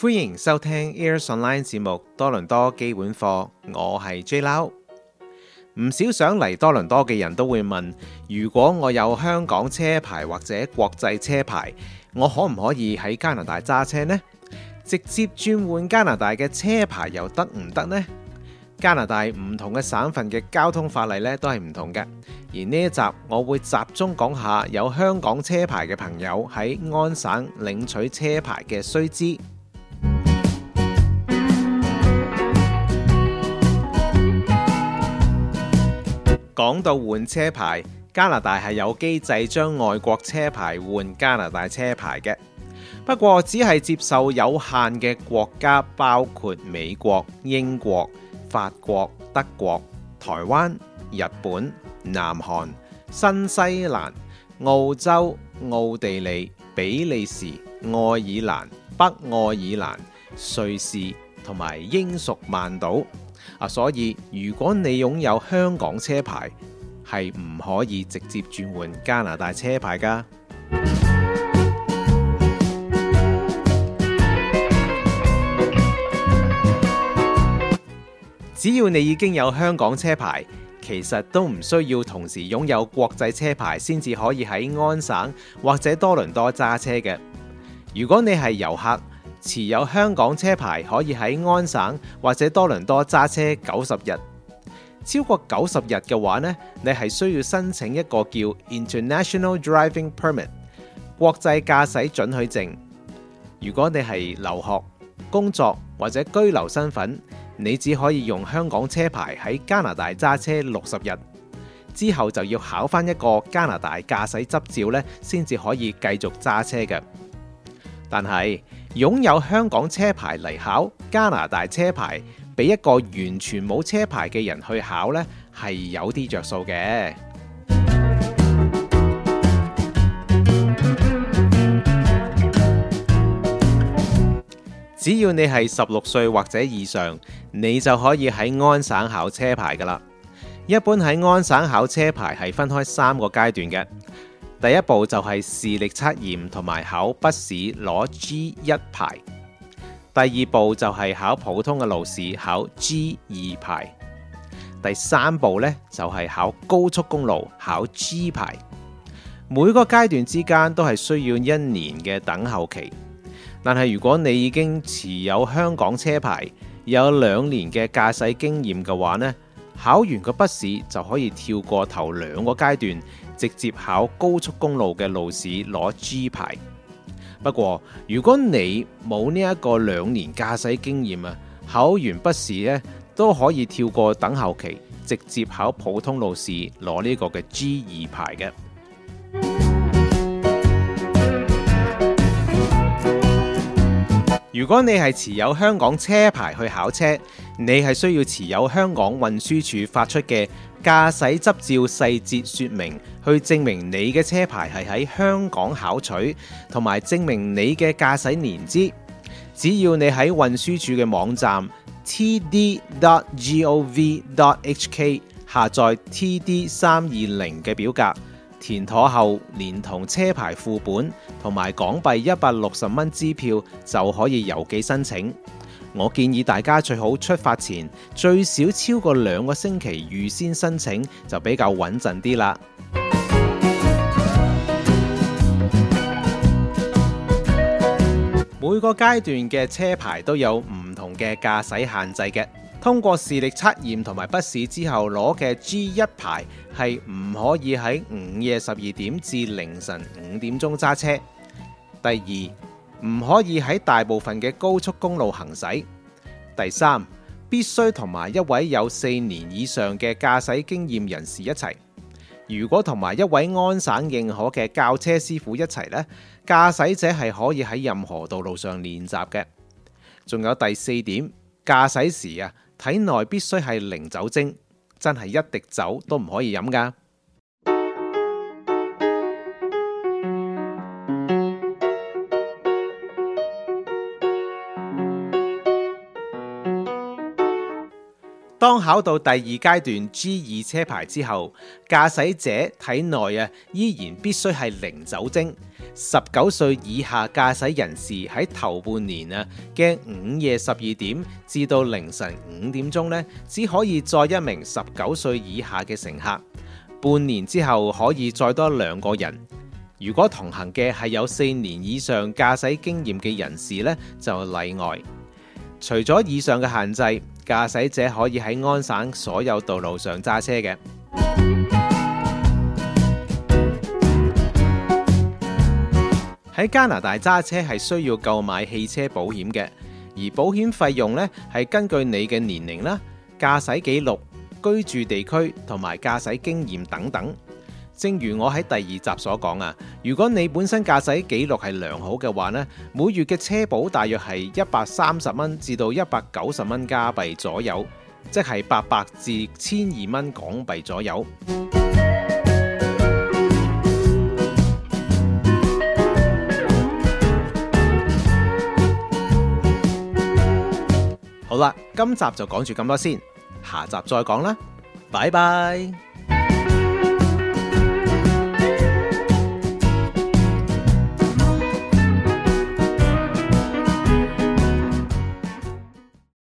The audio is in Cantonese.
歡迎收聽 Ears Online 節目多倫多基本課，我係 J Lau。唔少想嚟多倫多嘅人都會問：如果我有香港車牌或者國際車牌，我可唔可以喺加拿大揸車呢？直接轉換加拿大嘅車牌又得唔得呢？加拿大唔同嘅省份嘅交通法例咧都係唔同嘅，而呢一集我會集中講下有香港車牌嘅朋友喺安省領取車牌嘅須知。講到換車牌，加拿大係有機制將外國車牌換加拿大車牌嘅，不過只係接受有限嘅國家，包括美國、英國、法國、德國、台灣、日本、南韓、新西蘭、澳洲、奧地利、比利時、愛爾蘭、北愛爾蘭、瑞士同埋英屬曼島。啊，所以如果你擁有香港車牌，係唔可以直接轉換加拿大車牌㗎。只要你已經有香港車牌，其實都唔需要同時擁有國際車牌，先至可以喺安省或者多倫多揸車嘅。如果你係遊客。持有香港車牌可以喺安省或者多倫多揸車九十日，超過九十日嘅話咧，你係需要申請一個叫 International Driving Permit 國際駕駛准許證。如果你係留學、工作或者居留身份，你只可以用香港車牌喺加拿大揸車六十日，之後就要考翻一個加拿大駕駛執照咧，先至可以繼續揸車嘅。但係。擁有香港車牌嚟考加拿大車牌，俾一個完全冇車牌嘅人去考呢，係有啲着數嘅。 只要你係十六歲或者以上，你就可以喺安省考車牌噶啦。一般喺安省考車牌係分開三個階段嘅。第一步就係視力測驗同埋考筆試攞 G 一牌，第二步就係考普通嘅路試考 G 二牌，第三步呢，就係考高速公路考 G 牌。每個階段之間都係需要一年嘅等候期。但係如果你已經持有香港車牌有兩年嘅駕駛經驗嘅話呢，考完個筆試就可以跳過頭兩個階段，直接考高速公路嘅路試攞 G 牌。不過如果你冇呢一個兩年駕駛經驗啊，考完筆試咧都可以跳過等候期，直接考普通路試攞呢個嘅 G 二牌嘅。如果你係持有香港車牌去考車，你係需要持有香港運輸署發出嘅駕駛執照細節說明，去證明你嘅車牌係喺香港考取，同埋證明你嘅駕駛年資。只要你喺運輸署嘅網站 td.gov.hk 下載 TD 三二零嘅表格。填妥後，連同車牌副本同埋港幣一百六十蚊支票就可以郵寄申請。我建議大家最好出發前最少超過兩個星期預先申請，就比較穩陣啲啦。每個階段嘅車牌都有唔同嘅駕駛限制嘅。通過視力測驗同埋筆試之後攞嘅 G1 牌係唔可以喺午夜十二點至凌晨五點鐘揸車。第二，唔可以喺大部分嘅高速公路行駛。第三，必須同埋一位有四年以上嘅駕駛經驗人士一齊。如果同埋一位安省認可嘅教車師傅一齊呢，駕駛者係可以喺任何道路上練習嘅。仲有第四點，駕駛時啊。體內必須係零酒精，真係一滴酒都唔可以飲㗎。當考到第二階段 G 二車牌之後，駕駛者體內啊依然必須係零酒精。十九歲以下駕駛人士喺頭半年啊嘅午夜十二點至到凌晨五點鐘呢，只可以載一名十九歲以下嘅乘客。半年之後可以再多兩個人。如果同行嘅係有四年以上駕駛經驗嘅人士呢，就例外。除咗以上嘅限制，駕駛者可以喺安省所有道路上揸車嘅。喺加拿大揸車係需要購買汽車保險嘅，而保險費用呢係根據你嘅年齡啦、駕駛記錄、居住地區同埋駕駛經驗等等。正如我喺第二集所講啊，如果你本身駕駛記錄係良好嘅話呢，每月嘅車保大約係一百三十蚊至到一百九十蚊加幣左右，即係八百至千二蚊港幣左右。 好啦，今集就講住咁多先，下集再講啦，拜拜。